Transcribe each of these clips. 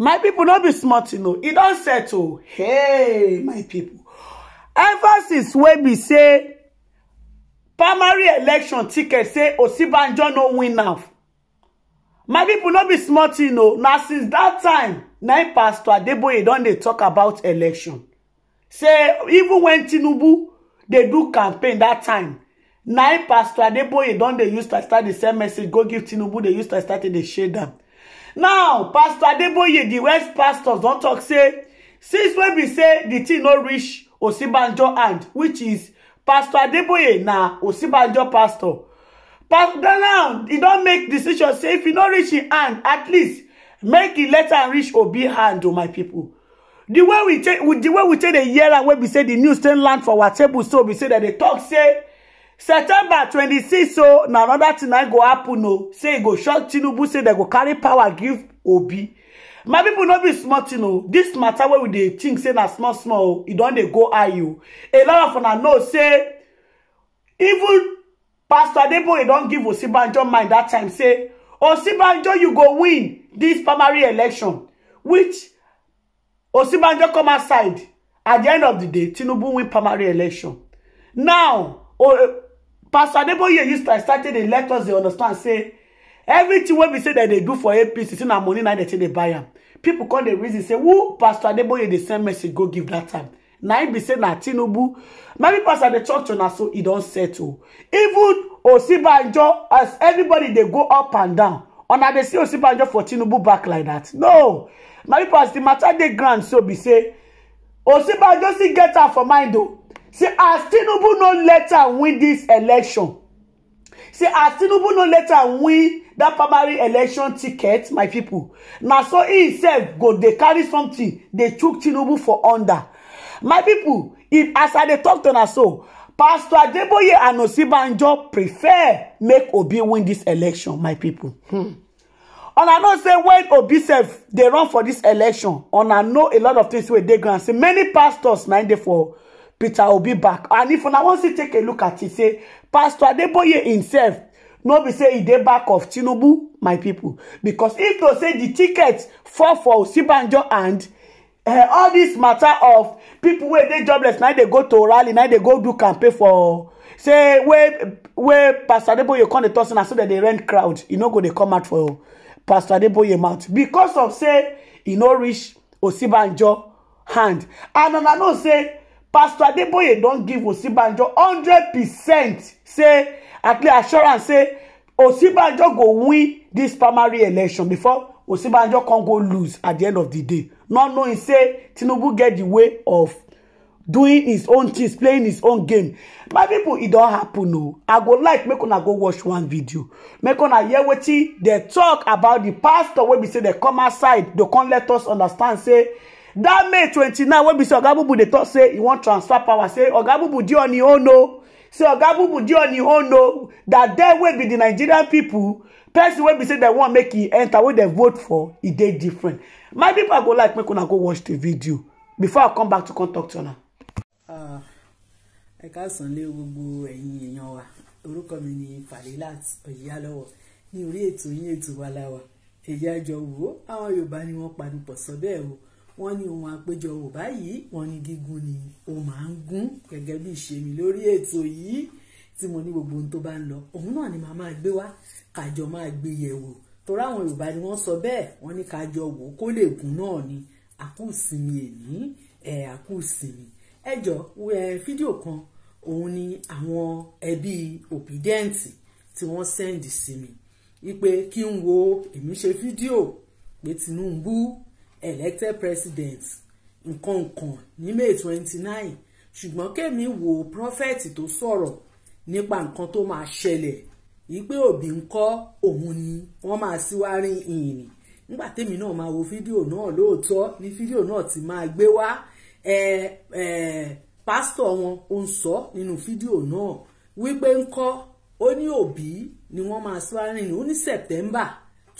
my people, not be small tin o e don settle oh. hey my people." emphasis wey be say primary election ticket say Osibanjo no win now. my people, not be smart, you know. Now since that time na pastor adeboye don't they talk about election say even when tinubu they do campaign that time na pastor adeboye don't they use to start the same message go give tinubu they use to start dey shade am now pastor adeboye the west pastors don't talk say since when we say the thing no reach Osibanjo hand which is pastor adeboye na Osibanjo pastor pastor now he don't make decision say if he no reach im hand at least make di letter reach obi hand o oh my people. The way we take the way we dey hear am wey we say the news take land for our table so we say that they talk say september 26 so na another tin na go happen o oh, say e go shock tinubu say they go carry power give obi my people not be smart, you oh. know. This matter where we dey think say na small small it e don't they go high o a lot of una know say even pastor adeboye don't give Osibanjo mind that time say Osibanjo you go win this primary election which Osibanjo come outside at the end of the day tinubu win primary election now oh pastor adeboye used to start dey let us dey understand say everything wey we say that they do for apc say na money na dem take they buy them. People call the reason say who pastor adeboye dey send message go give that time na im be say na tinubu many pastor the church to na so e don settle even osinbajo as everybody They go up and down una dey see osinbajo for tinubu back like that. no Maybe pastor the matter dey grand so be say osinbajo still get out for mind o say as tinubu no later win this election say as tinubu no later win that primary election ticket my people. na so he said, go they carry something They took tinubu for under my pipo as i dey tok to Naso, pastor adeboye and Osibanjo prefer make obi win this election my people. hmm I know say when obi self they run for this election I know a lot of things wey dey ground say many pastors na im for peter will be back and if I want to take a look at it say pastor adeboye himself Nobody say he dey back of tinubu my people, because if they say the tickets fall for osinbajo and eh, all this matter of people where they jobless now they go to rally now they go do campaign for say where where pastor adeboye come dey talk say na so that they rent crowd you e know, go they come out for pastor adeboye mouth because of say you know reach Osibanjo hand and I know say pastor adeboye don give osinbajo hundred percent say at least assurance say osinbajo go win this primary election before osinbajo come go lose at the end of the day not knowing say tinubu get the way of doing his own things playing his own game my people, it don't happen o oh. i go like make una go watch one video make una hear wetin dey talk about the pastor when we say they come outside They can't let us understand say That may 29 wey be say oga bubu dey talk say he wan transfer power say oga bubu dey on im own o say oga bubu dey on im own o dat dem wey be the nigerian people. person wey be say dem wan make e enter wey dem vote for e dey different my pipo go like make una go watch the video before i come back to come talk to una. Ah, ẹ káàsán lé gbogbo ẹ̀yin èèyàn wa orúkọ mi ni Fadilat Oyalọwọ ní orí ètò yín ètò wa la wà èyí àjọ wò ó àwọn Yorùbá ni wọ́n panupọ̀ sọ bẹ́ẹ̀ o wọ́n ní ohun àpéjọ wò báyìí wọ́n ní gígùn ni ó máa ń gún gẹ́gẹ́ bí ìṣe mi lórí ètò yìí tí mo ní gbogbo ohun tó bá ń lọ òun náà ni màá máa gbé wá kájọ máa gbé yẹ̀wò torí àwọn Yorùbá ni wọ́n sọ bẹ́ẹ̀ wọ́n ní kájọ wò kó lè gùn náà ni àkú ìsinmi èní ẹ àkú ìsinmi ẹjọ fídíò kan òun ni àwọn ẹbí òbídẹ́ǹtì tí wọ́n sẹ́ǹdì sí mi wípé kí n wo èmi ṣe fídíò pé Tinubu elected president nǹkan nǹkan ní may twenty nine ṣùgbọ́n kémi wo prophet tó sọ̀rọ̀ nípa nǹkan tó máa ṣẹlẹ̀ yìí pé òbí ń kọ́ òun ni wọ́n máa síwárí ìrìn nígbà tèmi náà máa wo fídíò náà lóòótọ́ ní fídíò náà ti máa gbé wá ẹ ẹ pásítọ̀ wọn ò ń sọ nínú fídíò náà wípé ń kọ́ ó ní òbí ni wọ́n máa síwárí ìrìn ó ní September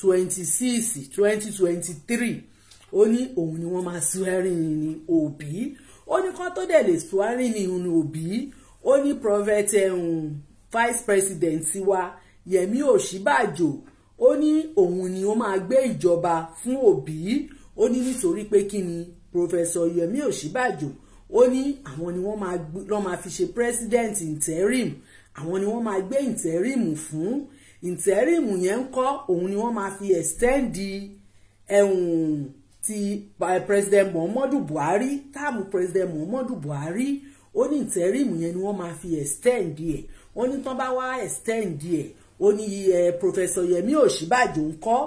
twenty six twenty twenty three ó ní òun ni wọ́n máa swearing ni òbí ó ní kán tó dẹ̀ lè swearing ni òun òbí ó ní prophet um, vice president wa Yẹmí Ọ̀ṣínbàjò ó ní òun ni ó máa gbé ìjọba fún òbí ó ní nítorí pé kí ni professor Yẹmí Ọ̀ṣínbàjò ó ní àwọn ni wọ́n máa fi ṣe president interim àwọn ni wọ́n máa gbé interim fún interim yẹn ń kọ́ òun ni wọ́n máa fi extend ẹ̀hún um, ti eh, president muhammadu buhari táàmù president muhammadu buhari ó ní ìtẹ́rìmù yẹn ni wọ́n máa fi extend ẹ̀ ó ní tán bá wá extend ẹ̀ ó ní eh, professor yemi òsínbàjò ń kọ́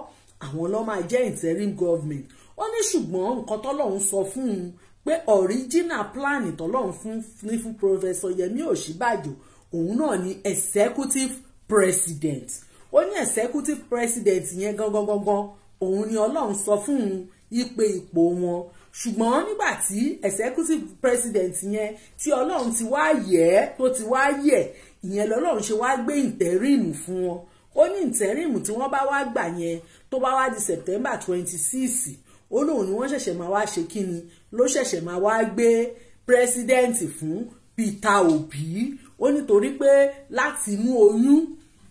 àwọn ló máa jẹ́ interim government ó ní ṣùgbọ́n nǹkan tọ́lọ́run sọ fún un pé original plan tọ́lọ́run fún ní fún professor yemi òsínbàjò òun náà ni executive president ó ní executive president yẹn gangan gangan òun ni ọlọ́run sọ fún un ìpè ipò wọn ṣùgbọ́n nígbà executive president yẹn tí ọlọ́run ti wá yẹ̀ tó ti wá yẹ̀ ìyẹn lọ́lọ́run ṣe wá gbé ìtẹ́rìmù fún wọn ó ní ìtẹ́rìmù tí wọ́n bá wá gbà yẹn tó bá wá di september twenty six ó lóun ni wọ́n ṣẹ̀ṣẹ̀ máa wá ṣe kíni ló ṣẹ̀ṣẹ̀ máa wá gbé president fún Peter Obi ó nítorí pé láti inú oyún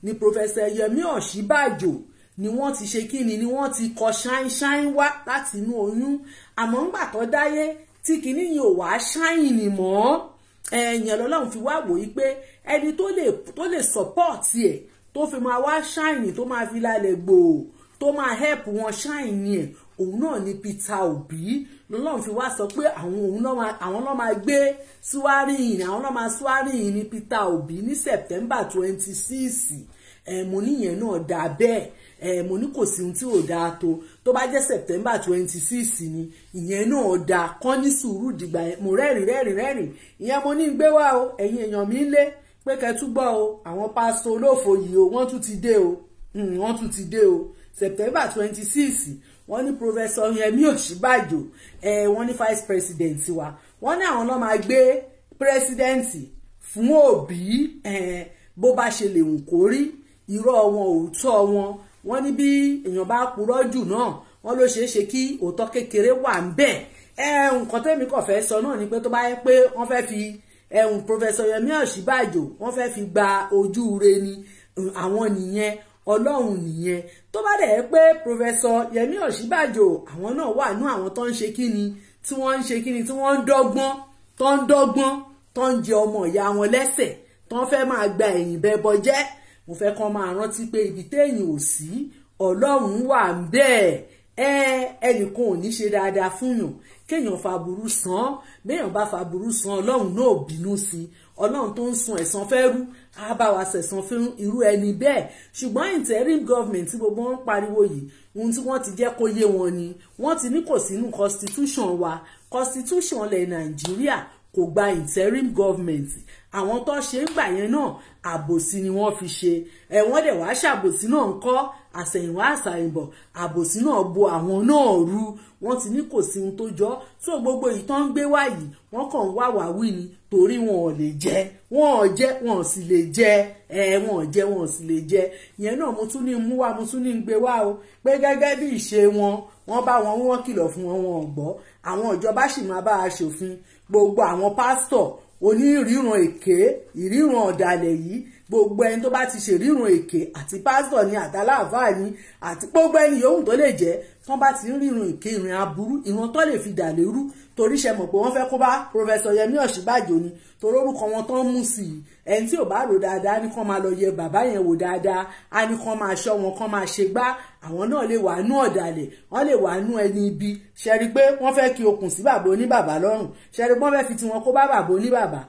ni professor Yemi Ọ̀ṣínbàjò ni wọ́n ti ṣe kíni ni wọ́n ti kọ ṣáínṣáín wá láti inú oyún àmọ́ ńgbà tó dáyé tí kinní yìí ò wá ṣáìn nì mọ́ ẹ̀yìn ọlọ́run fi wá wòye pé ẹni tó lè tó lè support ẹ̀ tó fi máa wá ṣáìn tó máa fi lálẹ́ gbòò tó máa help wọn ṣáìn ẹ̀ òun náà ni Peter Obi lọ́lọ́run fi wá sọ pé àwọn òun náà àwọn náà máa gbé síwárìyìn àwọn náà máa síwárìyìn ní Peter Obi ní September twenty six ẹ̀mú nìyẹn náà dà bẹ́ẹ̀ ẹ eh, mo ní kò sí ohun tí ò dáa tó tó bá jẹ́ september twenty six ni ìyẹn náà dáa kán ní sùúrù dìgbà mo rẹ́rìn rẹ́rìn rẹ́rìn ìyẹn mo ní gbé wá o ẹ̀yin èèyàn mi lé pé kẹtúbọ̀ o àwọn pásítọ olófo yìí o wọ́n tún ti dé o hmm, wọ́n tún ti dé o september twenty six wọ́n ní professor yẹmi òsínbàjò ẹ eh, wọ́n ní vice president wa wọ́n ní àwọn náà máa gbé president fún òbí eh, bó bá ṣe lè wù kó rí irọ́ wọn òótọ́ wọn wọ́n ní bí èèyàn bá purọ́ jù náà wọ́n ló ṣeé ṣe kí òótọ́ kékeré wà ń bẹ̀ ẹ nǹkan tẹ́mi kàn fẹ́ sọ náà ni pé tó bá yẹ pé wọ́n fẹ́ fi ẹ̀hún pòfẹ́sọ Yẹmí Ọ̀ṣínbàjò wọ́n fẹ́ fi gba ojú re ni àwọn nìyẹn ọlọ́run nìyẹn tó bá dẹ̀ yẹ pé pòfẹ́sọ Yẹmí Ọ̀ṣínbàjò àwọn náà wà nú àwọn tó ń ṣe ni. tí wọ́n ń ṣe kíni tí wọ́n ń dọ́gbọ́n tó ń dọ́gbọ́n tó ń jẹ ọmọ ìyá wọn lẹ́sẹ̀ tó ń fẹ́ máa gba ẹ̀yìn bẹ́bọ jẹ́ mo fẹ́ kàn máa rántí pé ibi téèyàn ò sí ọlọ́run wà ń bẹ́ẹ̀ ẹ ẹnìkan ò ní ṣe dáadáa fún yàn kéèyàn faburú san béèyàn bá faburú san ọlọ́run náà bínú sí ọlọ́run tó ń san ẹ̀san fẹ́rú á bá wa ṣẹ̀san fún irú ẹni bẹ́ẹ̀ ṣùgbọ́n interim government tí gbogbo wọn ń pariwo yìí ohun tí wọ́n ti jẹ́ kó yé wọn ni wọ́n ti ní kò sínú constitution wa constitution ilẹ̀ nàìjíríà kò gba interim government àwọn tó ṣe ń gbà yẹn náà àbòsí ni wọ́n fi ṣe ẹ̀wọ́n dẹ̀ wá ṣàbòsí náà ń kọ́ àsẹ̀yìnwá àsàyìnbọ̀ àbòsí náà bo àwọn náà ru wọ́n ti ní kò sí ohun tó jọ so gbogbo èyí tó ń gbé wá yìí wọ́n kàn ń wá wàwí ni torí wọn ò lè jẹ wọn ò jẹ wọn ò sì lè jẹ ẹ wọn ò jẹ wọn ò sì lè jẹ ìyẹn náà mo tún ní mú wá mo tún ní gbé wá o pé gẹ́gẹ́ bí ìṣe wọn wọ́n bá wọn wọ́n kìlọ̀ fún wọn wọn ò gbọ́ àwọn ìjọba sì máa bá a ṣòfin gbogbo àwọn pásítọ̀ oníríran èké ìríran ọ̀dàlẹ̀ yìí gbogbo ẹni tó bá ti ṣèríran èké àti pásítọ̀ ni àtàláàfáà ni àti gbogbo ẹni yòówù tó lè jẹ́ tán bá ti ń rírun ìkírun aburú ìran tó lè fi dà lérú torí ṣe mọ̀ pé wọ́n fẹ́ kó bá pòfẹ́sọ̀ Yẹmí Ọ̀ṣínbàjò ni torí orúkọ wọn tán mú sí i ẹni tí ò bá rò dáadáa ní kán máa lọ yẹ bàbá yẹn wò dáadáa á ní kán máa ṣọ́ wọn kán máa ṣe gbá àwọn náà lè wà nú ọ̀dàlẹ̀ wọ́n lè wà nú ẹni ibi ṣẹ́rí pé wọ́n fẹ́ kí okùn sí bàbá oníbàbá lọ́rùn ṣẹ́rí pé wọ́n fẹ́ fi tiwọn kó bá bàbá oníbàbá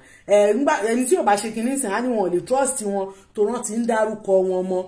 ẹni tí ò bá ṣe kinní sìn á ní wọn ò lè trust wọn torán ti ń dárúkọ wọn mọ́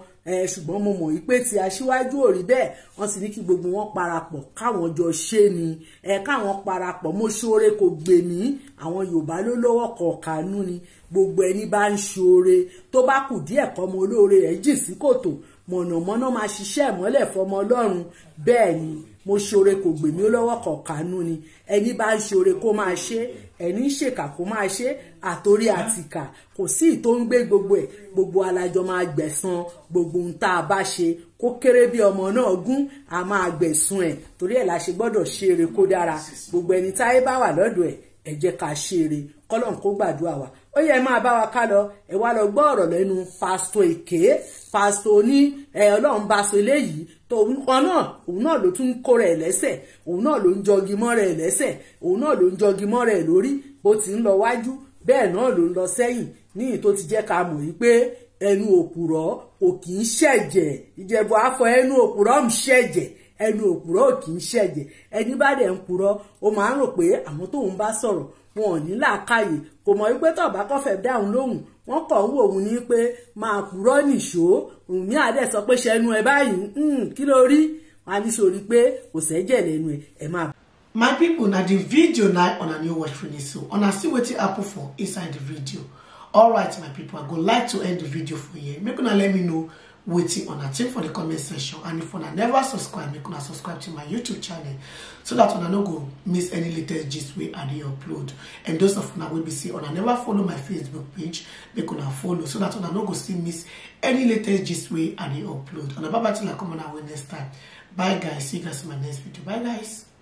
ṣùgbọ́n mo mọ̀ wípé ti aṣíwájú ò rí bẹ́ẹ̀ wọ́n sì ní kí gbogbo wọn parapọ̀ káwọn jọ ṣe ni ẹ káwọn parapọ̀ mo ṣoore kò gbè mí àwọn Yorùbá ló lọ́wọ́ kọ̀ọ̀kanú ni gbogbo ẹni bá ń ṣoore tó bá kù díẹ̀ kọ́ ọmọ olóore rẹ̀ jìn sí kòtò mọ̀nàmọ́ná máa ṣiṣẹ́ ìmọ́lẹ̀ fọmọ Ọlọ́run bẹ́ẹ̀ ni mo ṣoore kò gbèmí ó lọ́wọ́ kọ̀ọ̀kanú ni ẹni bá ń ṣoore kó máa ṣe ẹni ń ṣèkà kó máa ṣe àtòrí àtìkà kò sí ì tó ń gbé gbogbo ẹ̀ gbogbo alájọ máa gbẹ̀san gbogbo ohun tá a bá ṣe kó kéré bí ọmọ náà gún a máa gbẹ̀sùn ẹ̀ torí ẹ̀ la ṣe gbọ́dọ̀ ṣe eré kó dára gbogbo ẹni táyé bá wà lọ́dọ̀ ẹ̀ ẹ ká ṣe eré kọ́lọ́n kó gbàdúrà wa ó yẹ máa bá wa ká lọ ẹ wá lọ gbọ́ ọ̀rọ̀ lẹ́nu pásítọ̀ èké pásítọ̀ ní ẹ ọlọ́run bá so eléyìí tó kan náà òun náà ló tún kó rẹ̀ lẹ́sẹ̀ òun náà ló ń jọgi mọ́ rẹ̀ lẹ́sẹ̀ òun náà ló ń jọgi mọ́ rẹ̀ lórí bó ti ń lọ wájú bẹ́ẹ̀ náà ló ń lọ sẹ́yìn ní ti jẹ́ ká mọ̀ yìí ẹnu òpùrọ̀ kò í ṣẹ̀jẹ̀ ìjẹ̀bù afọ ẹnu òpùrọ̀ ń ṣẹ̀jẹ̀ ẹnu òpùrọ̀ kì í wọn ò ní làákàyè kò mọ̀ wípé tọ̀bá kọ́fẹ̀ dáhùn lóhùn wọ́n kọ̀ ń wò ní pé máa kúrọ́ nìṣó Wùnmí àdẹ̀ sọ pé ṣẹnu ẹ báyìí kí ló rí wọn á ní sórí pé kò sẹ́jẹ̀ lẹ́nu ẹ ẹ máa. my pipo na di video na una new watch finish so una see wetin happen for inside the video alright my people. i go like to end the video for here make una let me know Waiting wetin una think for the comment section and if una never subscribe make una subscribe to my youtube channel so that you no go miss any latest gist we are the upload and those of una will be say una never follow my facebook page make una follow so that you no go still miss any latest gist we are the upload And bye bye till i come on our next time bye guys see you guys in my next video bye guys